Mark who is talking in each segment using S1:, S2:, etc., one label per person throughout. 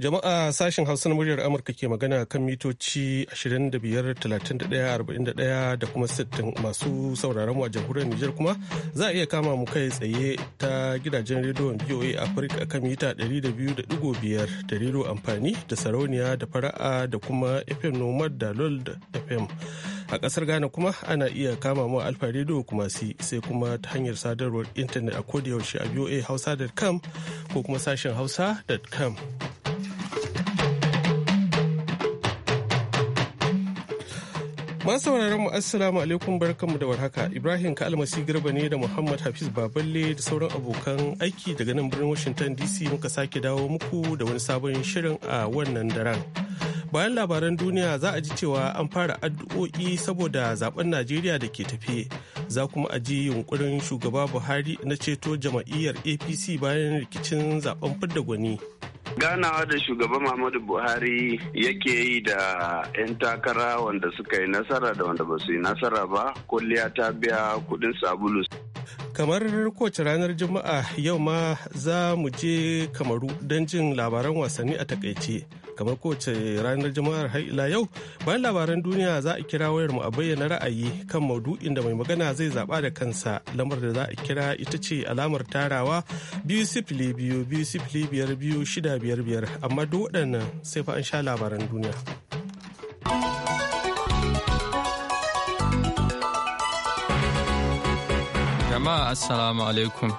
S1: Jama'a sashen Hausa na muryar Amurka ke magana kan mitoci 25,31,41 da kuma 60 masu sauraron mu a jamhuriyar Nijar kuma za a iya kama mu kai tsaye ta gidajen rediyon VOA Africa kan mita 200.5 da rediyo amfani da sarauniya da fara'a da kuma FM Nomad da LOL da FM. A ƙasar Ghana kuma ana iya kama mu Alfa rediyo kuma si sai kuma ta hanyar sadarwar intanet a kodiyaushe a hausa.com ko kuma sashen hausa.com. Masu sauraron mu assalamu alaikum barkanmu da warhaka Ibrahim Kalmasi Garba ne da Muhammad Hafiz Baballe da sauran abokan aiki daga nan birnin Washington DC muka sake dawo muku da wani sabon shirin a wannan daren. Bayan labaran duniya za a ji cewa an fara addu'o'i saboda zaben Najeriya da ke tafe. Za kuma a ji yunkurin shugaba Buhari na ceto jama'iyyar APC bayan rikicin zaben fidda gwani.
S2: ganawa da shugaban muhammadu buhari yake yi da 'yan takara wanda suka yi nasara da wanda ba su yi nasara ba kulliya ta biya kudin sabulu
S1: kamar kowace ranar juma'a yau ma za mu je kamaru don jin labaran wasanni a takaice kamar kowace ranar juma'ar har ila yau bayan labaran duniya za a kira wayar mu a bayyana ra'ayi kan maudu'in da mai magana zai zaba da kansa lamar da za a kira ita ce alamar tarawa biyu sifili biyu biyu sifili biyar biyu shida biyar biyar amma duk waɗannan sai fa an sha labaran duniya.
S3: jama'a assalamu alaikum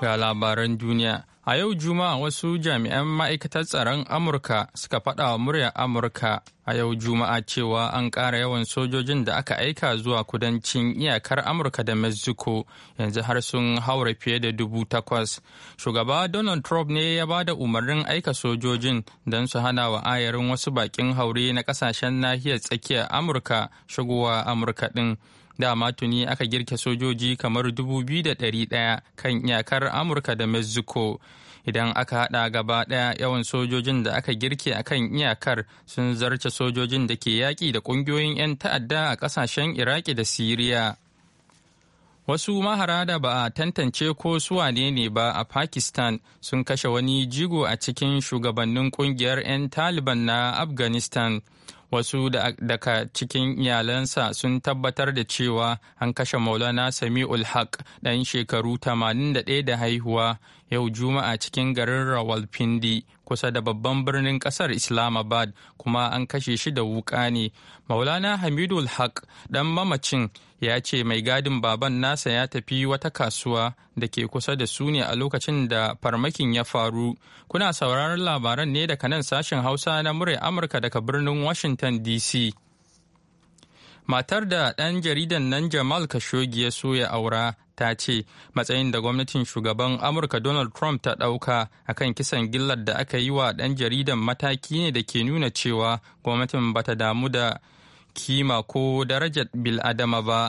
S3: ga labaran duniya a yau juma'a wasu jami'an ma'aikatar tsaron amurka suka faɗa wa muryar amurka a yau juma'a cewa an ƙara yawan sojojin da aka aika zuwa kudancin iyakar amurka da mexico yanzu har sun haura fiye da dubu takwas shugaba donald trump ne ya ba da umarnin aika sojojin don su hana wa ayarin wasu bakin haure na ƙasashen nahiyar tsakiyar amurka shigowa amurka ɗin dama tuni aka girke sojoji kamar dubu biyu da ɗaya kan iyakar amurka da mexico idan aka hada gaba daya yawan sojojin da aka girke a kan iyakar sun zarce sojojin da ke yaƙi da ƙungiyoyin 'yan ta'adda a ƙasashen iraki da siriya wasu mahara da ba a tantance ko suwa ne ba a pakistan sun kashe wani jigo a cikin shugabannin ƙungiyar 'yan taliban na afghanistan wasu daga cikin iyalansa sun tabbatar da cewa an kashe maulana sami'ul haq ɗan shekaru 81 da haihuwa yau juma'a cikin garin rawalpindi kusa da babban birnin kasar islamabad kuma an kashe shi da wuka ne maulana hamidul haq dan mamacin ya ce mai gadin baban nasa ya tafi wata kasuwa da ke kusa da su ne a lokacin da farmakin ya faru kuna sauraron labaran ne daga nan sashen hausa na murai amurka daga birnin washington dc matar da ɗan jaridan nan jamal khashoggi ya soya aura ta ce matsayin da gwamnatin shugaban amurka donald trump ta ɗauka kan kisan gillar da aka yi wa ɗan jaridan mataki ne da ke nuna cewa gwamnatin bata damu da kima ko darajar biladama ba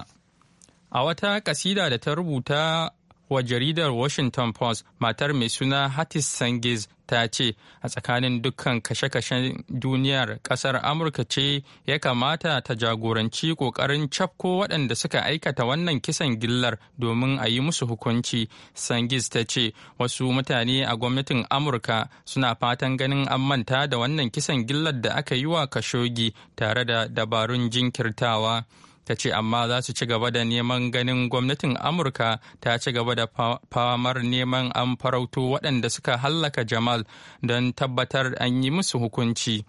S3: a wata kasida da ta rubuta wa jaridar washington post matar mai suna hattis sangiz ta ce a tsakanin dukkan kashe-kashen duniyar kasar amurka ce ya kamata ta jagoranci kokarin cafko waɗanda suka aikata wannan kisan gillar domin a yi musu hukunci sangis ta ce wasu mutane a gwamnatin amurka suna fatan ganin an manta da wannan kisan gillar da aka yi wa kashogi tare da dabarun jinkirtawa. ta ce amma za su ci gaba da neman ganin gwamnatin amurka ta ci gaba da famar neman an farauto waɗanda suka hallaka jamal don tabbatar an yi musu hukunci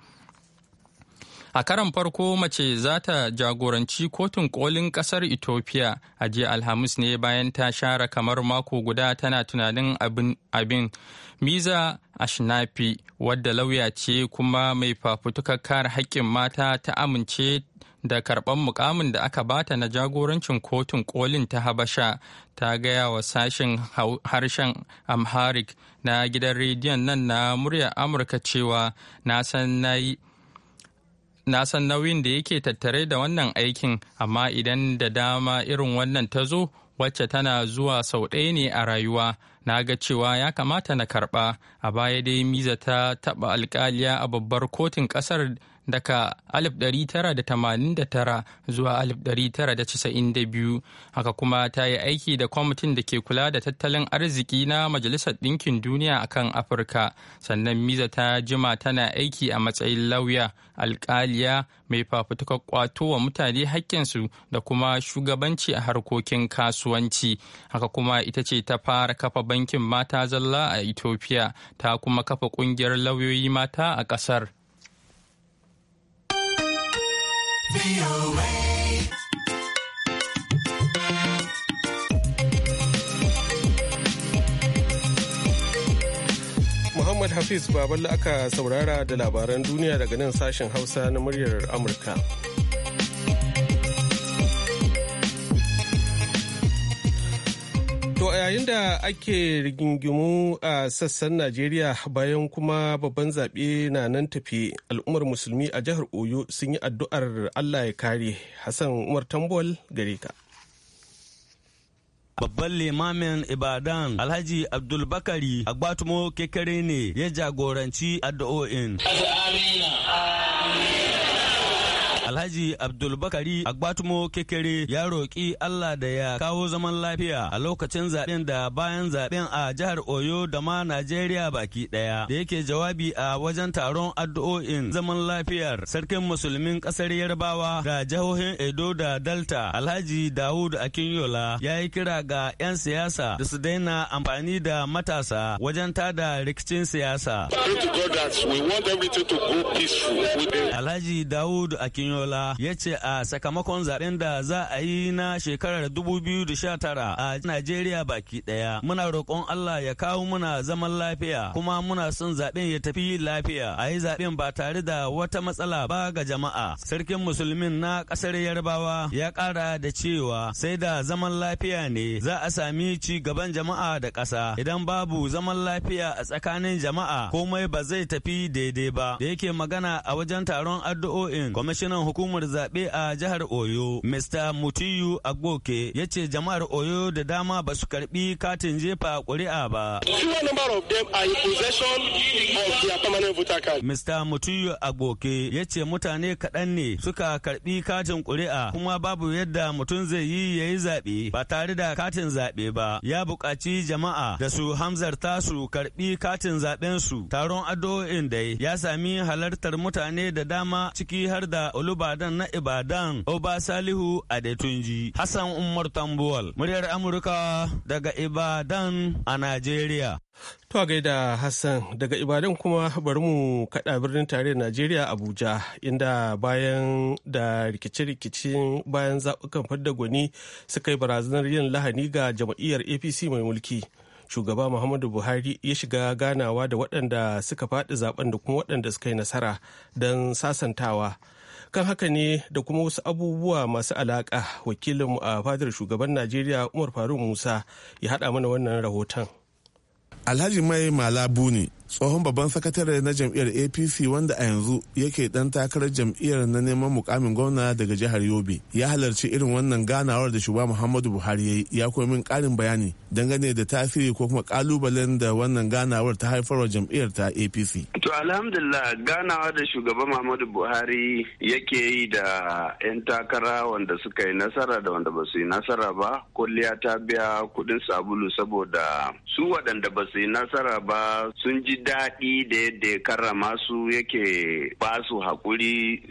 S3: a karan farko mace za ta jagoranci kotun kolin kasar ethiopia a jiya alhamis ne bayan ta share kamar mako guda tana tunanin abin miza ashnafi wadda lauya ce kuma mai fafutukar kare haƙƙin mata ta amince da karɓar mukamin da aka bata na jagorancin kotun kolin ta habasha ta gaya wa sashen harshen amharic na gidan rediyon nan na muryar amurka cewa na san nauyin da yake tattare da wannan aikin amma idan da dama irin wannan ta zo wacce tana zuwa sau ɗaya ne a rayuwa na ga cewa ya kamata na karɓa a baya dai miza ta taɓa alkaliya a babbar kotun ƙasar daga 1989 zuwa 1992 haka kuma ta yi aiki da kwamitin da ke kula da tattalin arziki na majalisar ɗinkin duniya a kan afirka sannan miza ta jima tana aiki a matsayin lauya alkaliya mai fafutukar kwato wa mutane hakkinsu da kuma shugabanci a harkokin kasuwanci haka kuma ita ce ta fara kafa bankin mata zalla a ethiopia ta kuma kafa ƙungiyar lauyoyi mata a ƙasar.
S1: Muhammad Hafiz Baballe aka saurara da labaran duniya daga nan sashin Hausa na muryar Amurka. To yayin da ake rigingimu a sassan Najeriya bayan kuma babban zaɓe na nan tafi al'ummar musulmi a jihar Oyo sun yi addu'ar Allah ya kare Hassan Umar Tambol gare ka.
S4: babban limamin ibadan alhaji Abdul abdulbakari agbatumo kekere ne ya jagoranci addu'o'in. Alhaji Abdulbakari Agbatumo Kekere ya roƙi Allah da ya kawo zaman lafiya a lokacin zaɓen da bayan zaɓen a jihar Oyo da ma Najeriya baki ɗaya. Da yake jawabi a wajen taron addu'o'in zaman lafiyar sarkin musulmin ƙasar Yarbawa ga jihohin Edo da Delta Alhaji Dawud Akinyola ya yi kira ga 'yan siyasa da su daina amfani da matasa wajen tada rikicin siyasa. Alhaji Dawud Akinyola Abiola ya ce a sakamakon zaɓen da za a yi na shekarar 2019 a Najeriya baki daya. Muna roƙon Allah ya kawo muna zaman lafiya kuma muna son zaben ya tafi lafiya. A yi zaben ba tare da wata matsala ba ga jama'a. Sarkin musulmin na ƙasar Yarbawa ya ƙara da cewa sai da zaman lafiya ne za a sami ci gaban jama'a da ƙasa. Idan babu zaman lafiya a tsakanin jama'a komai ba zai tafi daidai ba. Da yake magana a wajen taron addu'o'in kwamishinan hukumar zaɓe a jihar Oyo, Mr. Mutiyu Agboke, ya ce jama'ar Oyo da dama ba su karɓi katin jefa ƙuri'a ba. Mr. Mutiyu Agboke ya ce mutane kaɗan ne suka karɓi katin ƙuri'a kuma babu yadda mutum zai yi ya yi zaɓe ba tare da katin zaɓe ba. Ya buƙaci jama'a da su hamzarta su karɓi katin zaɓensu. Taron addu'o'in dai ya sami halartar mutane da dama ciki har da Olubu Ibadan na Ibadan Oba Salihu Adetunji Hassan Umar Tambuwal muryar Amurka daga Ibadan a Najeriya. To
S1: gaida Hassan daga Ibadan kuma bari mu kaɗa birnin tarayyar Najeriya Abuja inda bayan da rikice-rikicin bayan zaɓukan fadda gwani suka yi barazanar yin lahani ga jama'iyyar APC mai mulki. Shugaba Muhammadu Buhari ya shiga ganawa da waɗanda suka faɗi zaben da kuma waɗanda suka yi nasara don sasantawa. kan haka ne da kuma wasu abubuwa masu alaƙa wakilinmu a fadar shugaban
S5: najeriya umar faruk musa ya haɗa mana wannan rahoton alhaji mai malabu ne tsohon babban sakatare na jam'iyyar apc wanda a yanzu yake dan takarar jam'iyyar na neman mukamin gwamna daga jihar yobe ya halarci irin wannan ganawar da shugaba muhammadu buhari ya yi ya kuma min karin bayani dangane da tasiri ko kuma kalubalen da wannan ganawar ta haifarwa jam'iyyar ta apc
S2: to alhamdulillah ganawa da shugaba muhammadu buhari yake yi da 'yan takara wanda suka yi nasara da wanda ba su yi nasara ba kulliya ta biya kudin sabulu saboda su waɗanda ba su yi nasara ba sun ji daɗi da yadda ya karrama su yake ba su haƙuri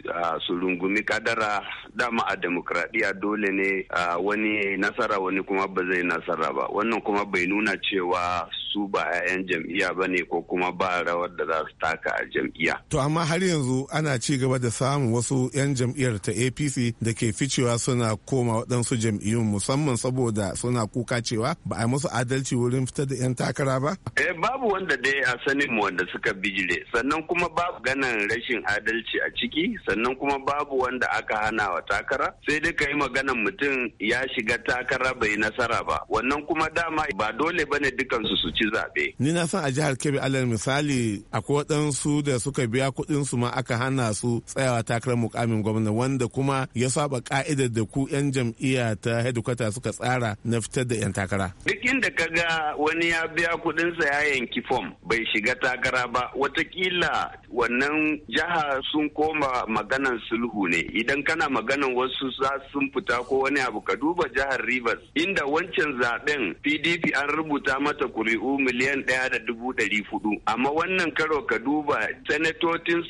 S2: su rungumi kadara dama a demokradiyya dole ne a wani nasara wani kuma ba zai nasara ba wannan kuma bai nuna cewa su ba 'ya'yan jam'iyya ba ne ko kuma ba rawar da za su taka a jam'iyya.
S5: To amma har yanzu ana ci gaba da samun wasu 'yan jam'iyyar ta APC da ke ficewa suna koma waɗansu jam'iyyun musamman saboda suna kuka cewa ba a musu adalci wurin fitar da 'yan takara ba?
S2: Eh babu wanda dai a sani mu wanda suka bijile sannan kuma babu ganin rashin adalci a ciki sannan kuma babu wanda aka hana wa takara sai dai ka yi maganan mutum ya shiga takara bai nasara ba wannan kuma dama ba dole ba ne dukansu su ci zaɓe.
S5: ni na san a jihar kebbi alal misali akwai waɗansu da suka biya kuɗin su ma aka hana su tsayawa takarar mukamin gwamna wanda kuma ya saba ka'idar da ku 'yan jam'iyya ta hedikwata suka tsara na fitar da 'yan takara.
S2: duk inda ka ga wani ya biya kuɗinsa ya yanki fom bai shiga shiga takara ba watakila wannan jiha sun koma maganan sulhu ne idan kana maganan wasu za sun fita ko wani abu ka duba jihar Rivers inda wancan zaben PDP an rubuta mata kuri'u miliyan ɗaya da dubu ɗari hudu amma wannan karo ka duba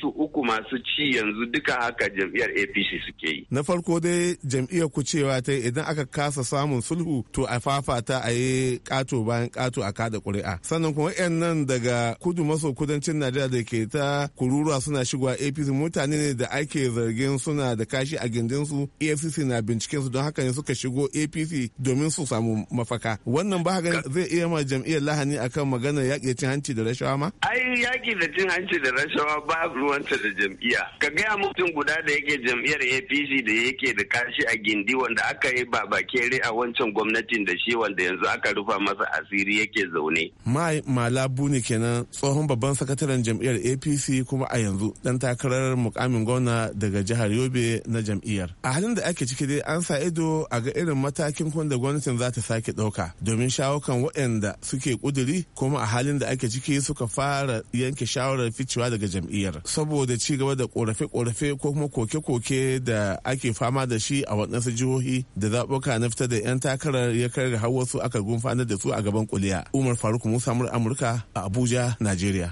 S2: su uku masu ci yanzu duka haka jam'iyyar APC suke
S5: yi. Na farko dai jam'iyyar ku cewa ta idan aka kasa samun sulhu to a fafata a yi kato bayan ƙato a kada ƙuri'a sannan kuma 'yan nan daga ku kudu maso kudancin najeriya da ke ta kururuwa suna shigowa apc mutane ne da ake zargin suna da kashi a gindinsu efcc na binciken su don haka ne suka shigo apc domin su samu mafaka wannan ba zai iya ma jam'iyyar lahani akan maganar yaƙi da cin hanci da rashawa ma
S2: ai yaƙi da cin hanci da rashawa ba ruwanta da jam'iyya ka gaya mutum guda da yake jam'iyyar apc da yake da kashi a gindi wanda aka yi ba a wancan gwamnatin da shi wanda yanzu aka rufa masa asiri yake zaune
S5: mai malabu ne kenan tsohon babban sakataren jam'iyyar apc kuma a yanzu dan takarar mukamin gwamna daga jihar yobe na jam'iyyar a halin da ake ciki dai an sa ido a ga irin matakin kun da gwamnatin za ta sake ɗauka domin shawo kan waɗanda suke kuduri kuma a halin da ake ciki suka fara yanke shawarar ficewa daga jam'iyyar saboda ci gaba da korafe-korafe ko kuma koke-koke da ake fama da shi a waɗansu jihohi da zaɓuka na fita da 'yan takarar ya kai ga har wasu aka gumfanar da su a gaban kuliya umar faruk musa mur amurka a abuja Najeriya.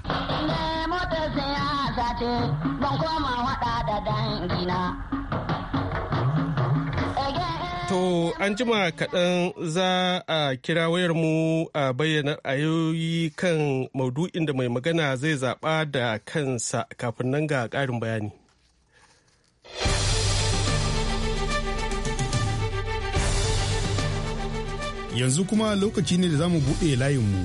S1: To an jima kaɗan za a kira wayarmu a bayyana ayoyi kan maudu'in da mai magana zai zaɓa da kansa kafin nan ga ƙarin bayani.
S2: Yanzu kuma lokaci ne da za mu buɗe layinmu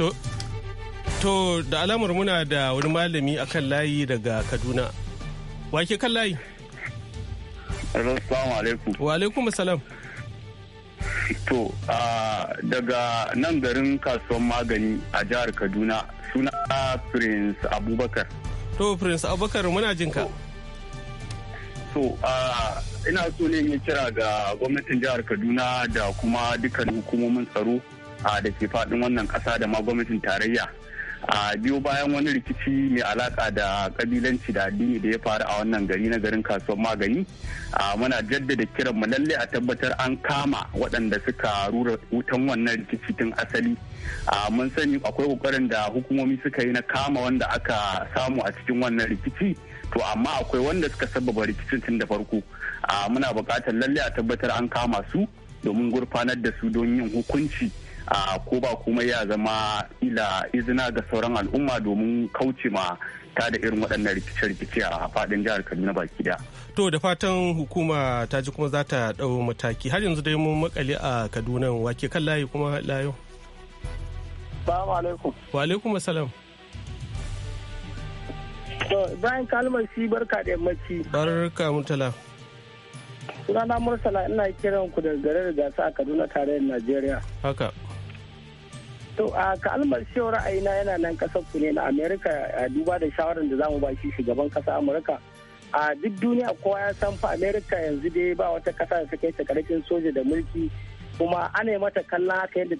S1: To da alamar muna da wani malami akan layi daga Kaduna. Wake kan layi? Assalamu
S6: alaikum. Wa alaikum salam. To daga nan garin kasuwan magani a jihar Kaduna suna Prince Abubakar. To Prince Abubakar muna jinka. To ina so ne in kira ga gwamnatin jihar Kaduna da kuma dukkan hukumomin tsaro. da ke faɗin wannan kasa da ma gwamnatin tarayya a biyu bayan wani rikici mai alaka da kabilanci da addini da ya faru a wannan gari na garin kasuwar magani a muna jaddada kiran mu lalle a tabbatar an kama waɗanda suka rura wutan wannan rikici tun asali mun sani akwai kokarin da hukumomi suka yi na kama wanda aka samu a cikin wannan rikici to amma akwai wanda suka sababa rikicin tun da farko a muna buƙatar lalle a tabbatar an kama su domin gurfanar da su don yin hukunci ko ba kuma ya zama ila izina ga sauran al'umma domin kauce ma ta da irin waɗannan rikice-rikice a faɗin jihar Kaduna baki da.
S1: To da fatan hukuma ta ji kuma za ta ɗau mataki har yanzu dai mun makale a Kaduna wake kan layi kuma layo. Salamu alaikum. Wa alaikum assalam.
S7: To Ibrahim Kalmar shi barka da yammaci.
S1: Barka Murtala.
S7: Sunana Murtala ina kiran ku da garin gasa a Kaduna tarayyar Najeriya. Haka. To a kalmar cewa ra'ayina yana nan kasar ku ne na Amerika duba da shawarar da zamu ba shi shugaban kasa Amurka. A duk duniya kowa ya san fa Amerika yanzu dai ba wata kasa da take ta karkin soja da mulki kuma ana yi mata kallon haka yadda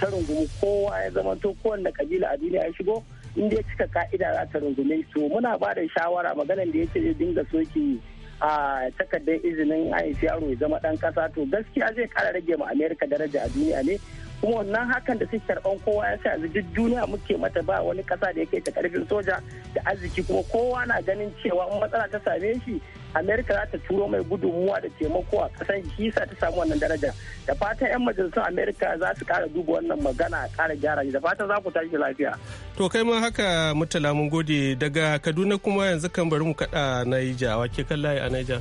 S7: ta rungumi kowa ya zama to kowanne kabila a duniya ya shigo in dai cika ka'ida za ta rungume to muna ba da shawara maganar da yake zai dinga soki a takardar izinin aisha yaro ya zama dan kasa to gaskiya zai kara rage ma amerika daraja a duniya ne kuma wannan hakan da suke karban kowa ya sa yanzu duk duniya muke mata ba wani kasa da yake ta karfin soja da arziki kuma kowa na ganin cewa in matsala ta same shi amerika za ta turo mai gudunmuwa da taimako a kasan kisa ta samu wannan daraja da fatan yan majalisun amerika za su kara duba wannan magana a kara gyara da fatan za ku tashi lafiya
S1: to kai ma haka mutala mun gode daga kaduna kuma yanzu kan bari mu ija naija wake kan layi a naija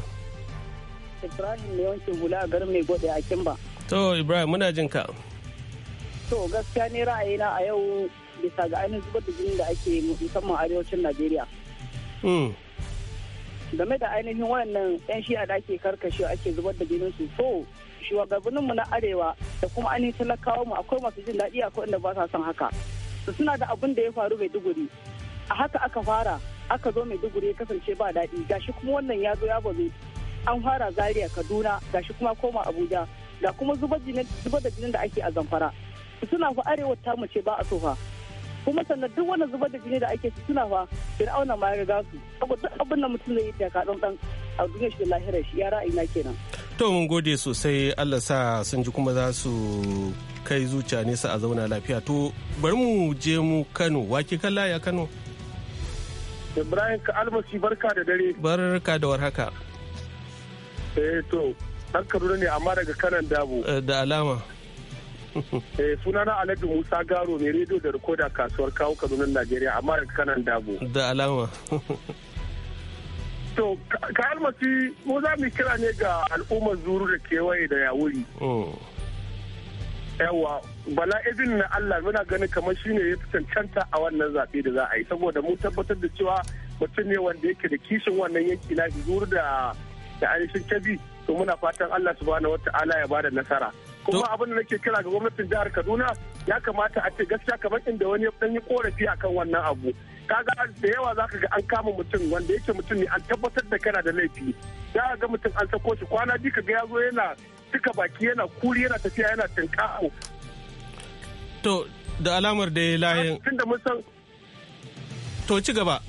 S7: ibrahim ne wanke hula a garin mai gode a kimba
S1: to ibrahim muna jin ka
S7: To gaskiya ne ra'ayina a yau bisa ga ainihin zubar da jini da ake musamman arewacin Najeriya. Hmm. Game da ainihin wannan 'yan shi'a da ake karkashe ake zubar da jinin su so shugabanninmu na arewa da kuma ainihin talakawa mu akwai masu jin daɗi akwai inda ba sa son haka. Su suna da abun da ya faru mai duguri. A haka aka fara aka zo mai duguri ya kasance ba daɗi gashi kuma wannan ya zo ya bazu an fara zaria kaduna gashi kuma koma abuja ga kuma zubar da jinin da ake a zamfara. suna fa arewa ta mace ba a so fa kuma sannan duk wanda zubar da jini da ake ci suna fa auna ma ya riga su saboda duk abin da mutum zai yi ta dan dan a duniyar shi lahira lahirar shi ya ra'ayi na kenan.
S1: to mun gode sosai allah sa sun ji kuma za su kai zuciya nesa a zauna lafiya to bari mu je mu kano wake kalla ya kano.
S7: ibrahim ka almasi barka da dare.
S1: barka da warhaka.
S7: eh to an kaduna ne amma daga kanan dabo.
S1: Eh, da alama.
S7: Eh, sunana Alhaji Musa Garo mai rediyo da rikoda kasuwar kawo Kaduna Najeriya amma da kanan dabo. Da alama. To, ka almasi mu za mu kira ne ga al'ummar zuru da kewaye da yawuri. Oh. Yawa, bala izin na Allah muna ganin kamar shine ya fi cancanta a wannan zaɓe da za a yi saboda mu tabbatar da cewa mutum ne wanda yake da kishin wannan yanki na zuru da da ainihin kabi to muna fatan Allah subhanahu wata'ala ya bada nasara kuma abin da nake kira ga gwamnatin jihar kaduna ya kamata a ce gaskiya kamar inda wani dan yi korafi akan wannan abu ka ga da yawa zaka ga an kama mutum wanda yake mutum ne an tabbatar da kana da laifi za ga mutum an sako shi kwana biyu kaga ya zo yana cika baki yana kuri yana tafiya yana tinkawo
S1: to da alamar da layin da mun san to ci gaba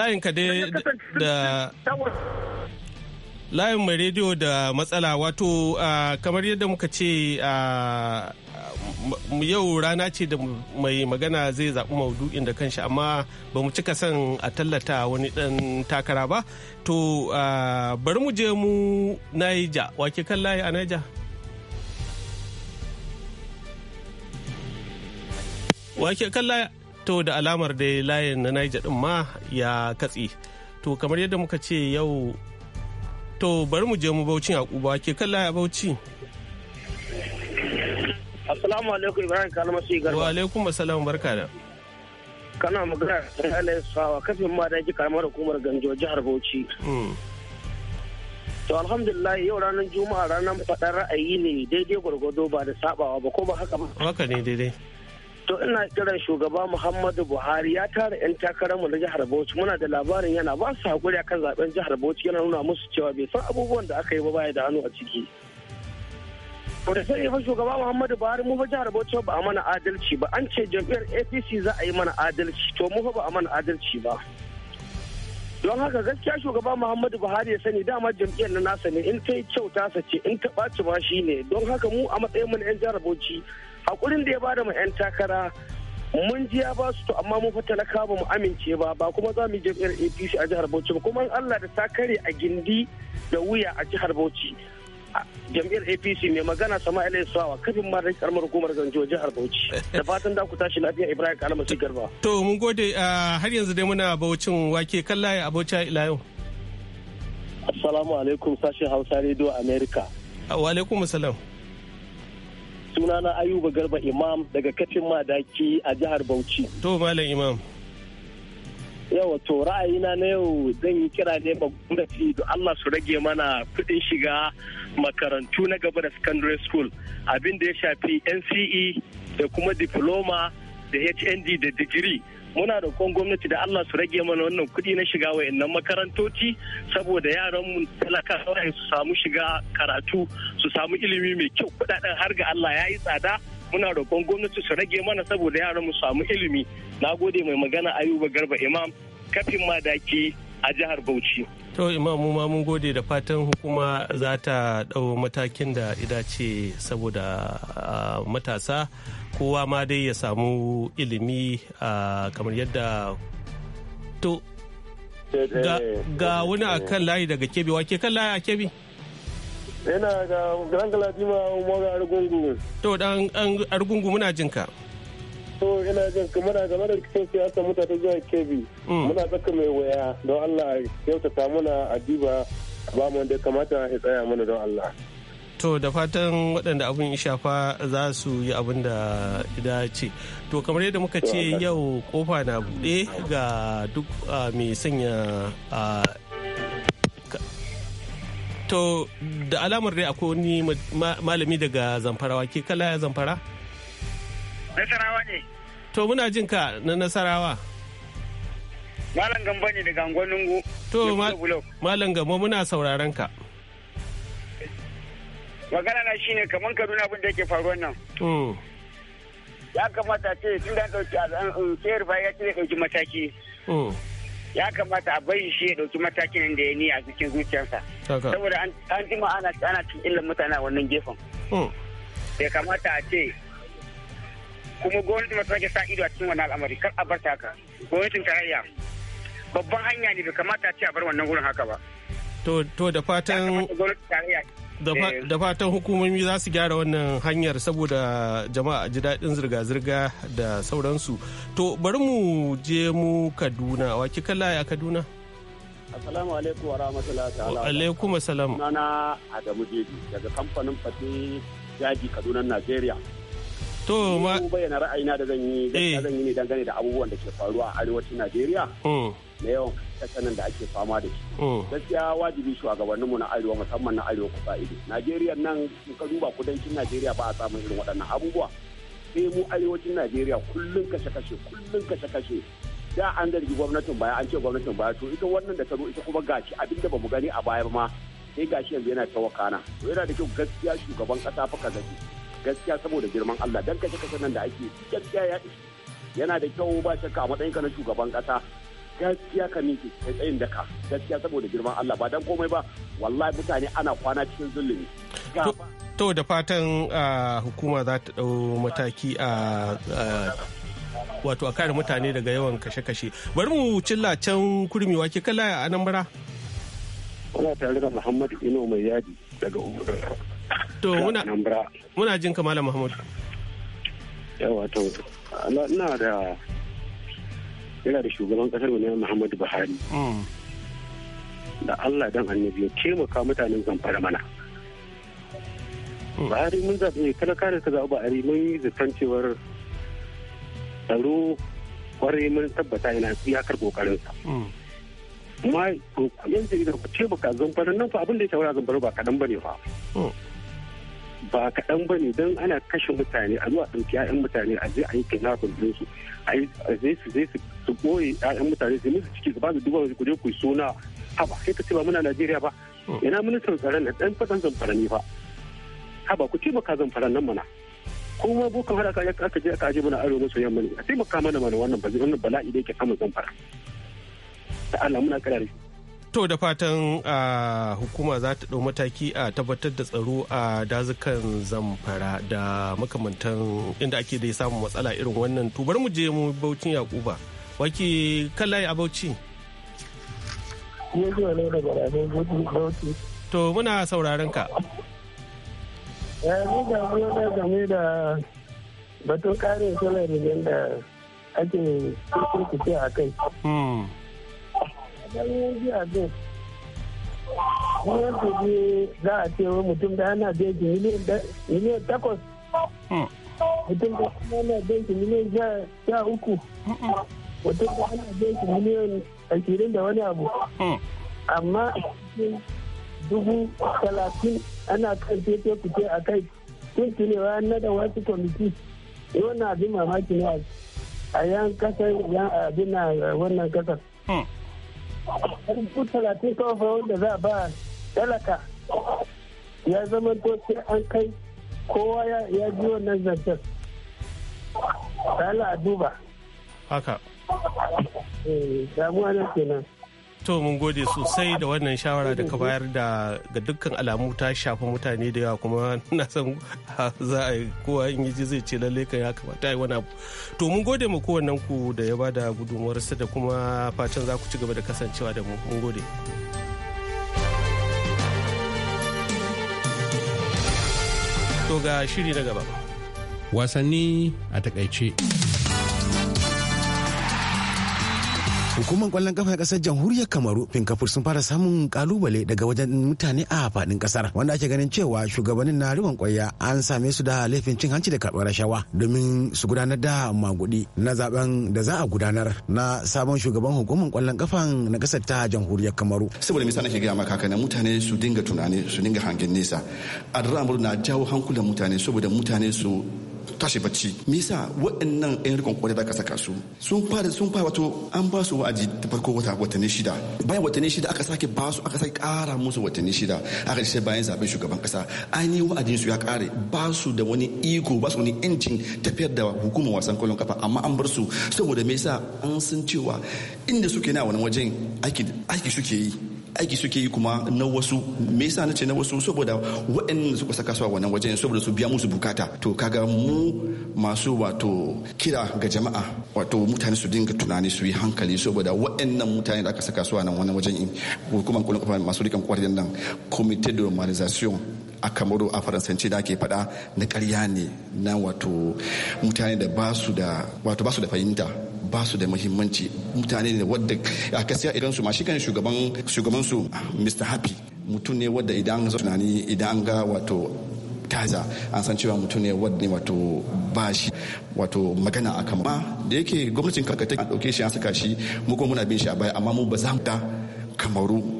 S1: layin ka dai da layin mai rediyo da matsala wato kamar yadda muka ce yau rana ce da mai magana zai zaɓi maudu'in da kanshi amma ba mu cika son a tallata wani ɗan takara ba to bari mu je mu naija wake kan layi a naija wake kan layi to da alamar da layin na naija ɗin ma ya katse to kamar yadda muka ce yau To bari mu je mu Bauchi Yakuba ke kalla ya Bauchi.
S7: Assalamu alaikum Ibrahim Kalmasi Garba. Wa
S1: alaikum assalam barka da.
S7: Kana magana da Sawa kafin ma da karamar hukumar Ganjo jihar Bauchi. Hmm. To alhamdulillah yau ranar Juma'a ranar faɗar ra'ayi ne daidai gwargwado ba da sabawa ba ko ba haka ba.
S1: Haka ne daidai.
S7: to ina kiran shugaba muhammadu buhari ya tara 'yan takararmu na jihar bauchi muna da labarin yana ba su haƙuri akan zaben jihar bauchi yana nuna musu cewa bai san abubuwan da aka yi ba baya da hannu a ciki wanda sai fa shugaba muhammadu buhari mu fa jihar bauchi ba a mana adalci ba an ce jam'iyyar apc za a yi mana adalci to mu fa ba a mana adalci ba don haka gaskiya shugaba muhammadu buhari ya sani dama jam'iyyar na nasa ne in ta yi kyau ta sace in ta ɓaci ba shi ne don haka mu a matsayin mu na 'yan jihar bauchi hakurin da ya bada mu 'yan takara mun ji ya ba su to amma mun fata na mu amince ba ba kuma za mu yi jam'iyyar apc a jihar bauchi ba kuma allah da ta a gindi da wuya a jihar bauchi jam'iyyar apc mai magana sama ila sawa kafin ma da karamar hukumar ganjo jihar bauchi da fatan da ku tashi lafiya ibrahim kalama su garba
S1: to mun gode har yanzu dai muna baucin wake kalla a bauchi ila yau
S7: assalamu alaikum sashin hausa radio america
S1: wa alaikum assalam
S7: sunana ayuba garba imam daga kafin madaki a jihar bauchi
S1: to malam imam
S7: yau to ra'ayina na yau zan yi kira ne ba gwamnati da Allah su rage mana kuɗin shiga makarantu na gaba da secondary school abin da ya shafi NCE da kuma diploma da HND da digiri muna roƙon gwamnati da Allah su rage mana wannan kuɗi na shiga wayannan makarantoci saboda yaran mu talaka su samu shiga karatu su samu ilimi mai kyau kuɗaɗen har ga Allah ya yi tsada muna roƙon gwamnati su rage mana saboda yaran mu samu ilimi na gode mai magana ayuba garba imam kafin madaki a jihar Bauchi.
S1: To imamu ma mun gode da fatan hukuma za ta ɗau matakin da ce saboda matasa kowa ma dai ya samu ilimi kamar yadda to ga wani a kan layi daga kebe wake kan layi a kebe.
S7: yana ga ɗan galadima umaru argungu
S1: to ɗan argungu muna jinka. ka
S7: so ina jin kamar a game da rikicin siyasa muta ta zuwa kebi mm. muna tsaka mai waya don allah kyautata muna adiba ba mu da kamata ya tsaya mana don allah
S1: to da fatan waɗanda ya shafa za su yi abin da ya ce to kamar yadda muka ce yau kofa na buɗe ga duk mai sanya to da alamar dai akwai wani malami daga zamfarawa ke kala zamfara?
S7: Nasarawa ne.
S1: To muna jin ka na Nasarawa.
S7: Malam gamba ne daga Angon Nungu. To
S1: Malam gamba muna sauraron ka.
S7: Magana na shine kamar Kaduna abin da yake faruwa nan. Mm. Ya kamata ce tun da ɗauki al'an sayar baya ya ce ɗauki mataki. Mm. ya kamata a bai shi ya ɗauki matakin da ya ni a cikin zuciyarsa saboda an jima ana ana cikin illan mutane a wannan gefen ya mm. kamata a ce kuma gwamnati masu sake sa ido a cikin wannan al'amari kar a bar ta haka gwamnatin tarayya babban hanya ne bai kamata ce a bar wannan gurin haka ba
S1: to to da fatan
S7: eh.
S1: da fatan hukumomi za su gyara wannan hanyar saboda jama'a ji daɗin zirga-zirga da sauransu to bari mu je mu kaduna wa kalla ya kaduna
S7: Assalamu alaikum wa rahmatullahi ta'ala. Alaikum assalam. nana Adamu Jeji daga kamfanin Fati Jaji Kaduna Najeriya. To ma bayyana ra'ayina da zan yi eh. zan yi ne dangane da abubuwan da ke faruwa a arewacin Najeriya. Oh. Na yawan kasanan da ake fama da shi. Oh. Gaskiya wajibi shugabanninmu na arewa musamman na arewa kusa ido. Najeriya nan in ka duba kudancin Najeriya ba a samun irin waɗannan abubuwa. Sai mu arewacin Najeriya kullun kashe-kashe kullun kashe-kashe. Da an zargi gwamnatin baya an ce gwamnatin baya to ita wannan da ta zo ita kuma gashi abinda bamu gani a baya ma sai gashi yanzu yana ta To yana da kyau gaskiya shugaban kasa fa ka zaki. gaskiya saboda girman Allah dan kace kace nan da ake gaskiya ya yana da kyau ba shakka a matsayin ka na shugaban kasa gaskiya ka miki kai tsayin daka gaskiya saboda girman Allah ba dan komai ba wallahi mutane ana kwana cikin zulumi
S1: to da fatan hukuma za ta dau mataki a wato a kare mutane daga yawan kashe-kashe bari mu cilla can kurmi wake kala a nan bara
S7: tare da muhammadu ino mai yadi daga
S1: To muna muna jin Malam Mahmud.
S7: Yawa to ina da yana da shugaban kasar mu ne Muhammadu Buhari. Mm. Da Allah dan annabi ya taimaka mutanen zamfara mana. Mm. Buhari mun zaɓe kada kare ta zaɓa Buhari mun yi zaton cewar tsaro kwarai mun tabbata yana iyakar kokarinsa. Amma mm. yan jarida ku taimaka zamfara nan fa abin da ya shawara zamfara ba kaɗan ba ne fa. ba kaɗan ba ne don ana kashe mutane a zuwa ɗauki 'ya'yan mutane a je a yi kidnapping ɗinsu a zai su zai su ɓoye 'ya'yan mutane su musu ciki su ba su duba ku je ku suna haba sai ka ce ba muna Najeriya ba hmm. ina ministan tsaron na ɗan faɗan zamfara ne ba haba ku ce baka zamfara nan mana ko ma boko har aka aka je aka aje mana arewa maso yamma ne a taimaka mana mana wannan bala'i da yake samun zamfara da Allah muna kira da shi
S1: to da fatan hukuma za ta ɗau mataki a tabbatar da tsaro a dazukan zamfara da makamantan inda ake dai samun matsala irin wannan tubar mu je mu baucin yakuba wake kallaye a bauchi to muna sauraron ka
S7: da eh, game da batun karin salari da ake kurkuce a kai hmm. don biya bin wanda ne za a ce mutum da ana beji miliyan takwas mutum da ana beji miliyan sha uku mutum da ana beji miliyan ashirin da wani abu amma dubu talatin ana kan fefe kuce a kai tun cinewa na da wasu kwamiti yau na abin mamaki ne a yan kasar yan abin na wannan kasar dubu talatin kawai wanda za a ba talaka ya zama to sai an kai kowa ya ji wannan zancen Allah a duba haka eh, damuwa na kenan
S1: to mun gode sosai da wannan shawara da ka bayar da ga dukkan alamu ta shafi mutane da yawa kuma na san za a yi kowa in yi zai ce lalle ka ya kamata yi wani abu to mun gode mu kowannen ku da ya bada gudunmuwar da kuma fatan za ku ci gaba da kasancewa da mu mun gode to ga shiri na
S8: gaba wasanni a takaice Hukumar kwallon kafa na kasar jamhuriyar Kamaru Finkafur sun fara samun kalubale daga wajen mutane a faɗin kasar wanda ake ganin cewa shugabannin na riban kwaya an same su da laifin cin hanci da karɓar rashawa domin su gudanar da magudi na zaben da za a gudanar na sabon shugaban hukumar kwallon kafan na kasar ta jamhuriyar Kamaru. Saboda misali
S9: ke gaya maka kana mutane su dinga tunani su dinga hangen nesa. Al'amur na jawo hankulan mutane saboda mutane su tashi bacci me yasa waɗannan ɗan rikon kwarai da ka saka su sun fara sun fara wato an ba su wa'adi ta farko wata watanni shida bayan watanni shida aka sake ba su aka sake ƙara musu watanni shida aka ce bayan zaben shugaban kasa ainihin wa'adin su ya kare ba su da wani iko ba su wani incin tafiyar da hukumar wasan kwallon kafa amma an bar su saboda me yasa an san cewa inda suke na wani wajen aiki suke yi aiki suke yi kuma na wasu me yasa na ce na wasu saboda waɗannan suka saka su a wannan wajen saboda su biya musu bukata to kaga mu masu wato kira ga jama'a wato mutane su dinga tunani su yi hankali saboda waɗannan mutane da aka saka su a nan wannan wajen hukumar kulun kafa masu rikan kwarin nan comité de normalisation a kamaru a faransanci da ake faɗa na ƙarya ne na wato mutane da ba su da wato ba su da fahimta ba su da muhimmanci mutane ne wadda a kasiya idan su ma shi kan shugaban su Mr. Happy mutum ne wadda idan an tunani idan an ga wato taza an san cewa mutum ne wadda ne wato ba shi wato magana a kan ba da yake gwamnatin kakata a ɗauke shi an saka shi mu kuma muna bin shi a baya amma mu ba za mu ta kamaru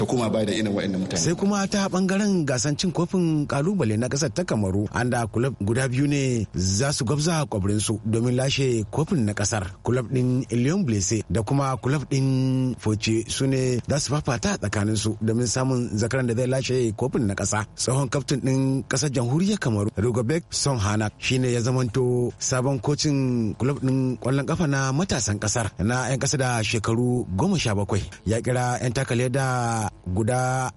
S9: ta koma bayan da irin waɗannan mutane sai
S8: kuma ta bangaren gasan cin kofin kalubale na kasar ta kamaru an da kulab guda biyu ne za su gwabza kwabrin su domin lashe kofin na kasar kulab din Lyon Blese da kuma kulab din Foce su ne za su fafata tsakanin su domin samun zakaran da zai lashe kofin na kasa tsohon kaftin din kasar jamhuriyar Kamaru Rigobert Son Hana shine ya zamanto sabon kocin kulab din kwallon kafa na matasan kasar na yan kasa da shekaru goma sha bakwai ya kira yan takale da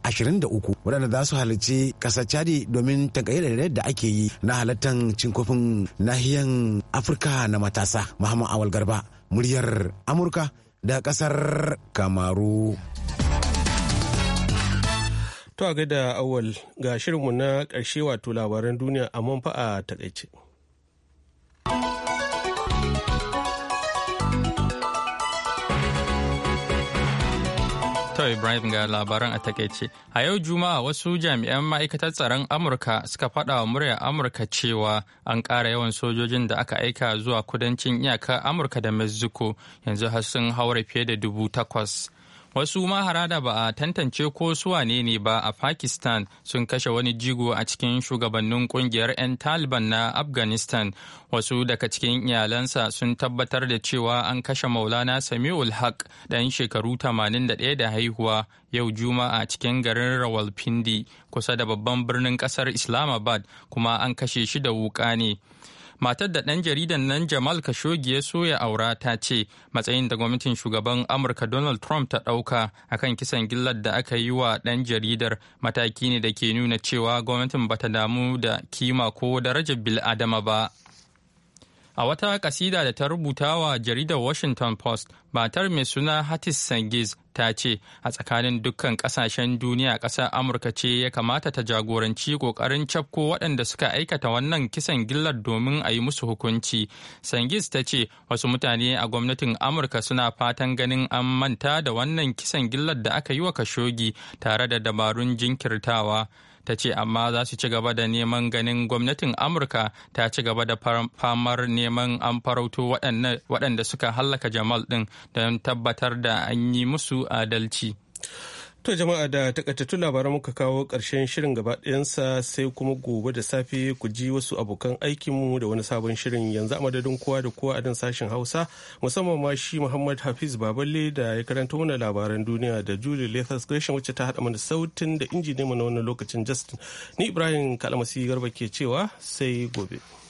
S8: ashirin guda 23 waɗanda za su halarci ƙasar Chadi domin tankaye da ake yi na halartar cin kofin nahiyan Afirka na matasa Muhammad Awal Garba muryar Amurka da ƙasar Kamaru.
S1: To a gaida awal ga shirinmu na ƙarshe wato labaran duniya amma fa a takaice.
S3: Dr. Ibrahim ga labaran a takaice. A yau Juma'a wasu jami'an ma'aikatar tsaron Amurka suka faɗa wa muryar Amurka cewa an ƙara yawan sojojin da aka aika zuwa kudancin iyakar Amurka da Mexico yanzu har sun haura fiye da dubu takwas. wasu maharada da ba a tantance ko wane ne ba a pakistan sun kashe wani jigo a cikin shugabannin kungiyar 'yan taliban na afghanistan wasu daga cikin iyalansa sun tabbatar da cewa an kashe maulana samiul haq ɗan shekaru 81 da haihuwa yau juma'a a cikin garin rawalpindi kusa da babban birnin kasar islamabad kuma an kashe shi da wuƙa ne matar da ɗan jaridan nan jamal khashoggi ya soya aura ta ce matsayin da gwamnatin shugaban amurka donald trump ta ɗauka akan kisan gillar da aka yi wa ɗan jaridar mataki ne da ke nuna cewa gwamnatin bata damu da kima ko darajar bil'adama ba A wata kasida da ta rubuta wa jaridar Washington Post, batar mai suna hattis Sengiz ta ce a tsakanin dukkan kasashen duniya kasar Amurka ce ya kamata ta jagoranci kokarin cafko waɗanda suka aikata wannan kisan gillar domin a yi musu hukunci. Sengiz ta ce wasu mutane a gwamnatin Amurka suna fatan ganin an manta da wannan kisan gillar da aka yi wa Kashogi tare da dabarun jinkirtawa. ta ce amma za su ci gaba da neman ganin gwamnatin amurka ta ci gaba da famar neman an farauto waɗanda suka hallaka jamal ɗin don tabbatar da an yi musu adalci. To
S1: jama'a da takaitattun labaran muka kawo ƙarshen shirin gaba ɗayansa sai kuma gobe da safe ku ji wasu abokan aikinmu da wani sabon shirin yanzu a madadin kowa da kowa a dan sashen Hausa musamman ma shi Muhammad Hafiz Baballe da ya karanta mana labaran duniya da Julie Lathas Gresham wacce ta haɗa mana sautin da injiniyanmu na wannan lokacin Justin. Ni Ibrahim Kalamasi Garba ke cewa sai gobe.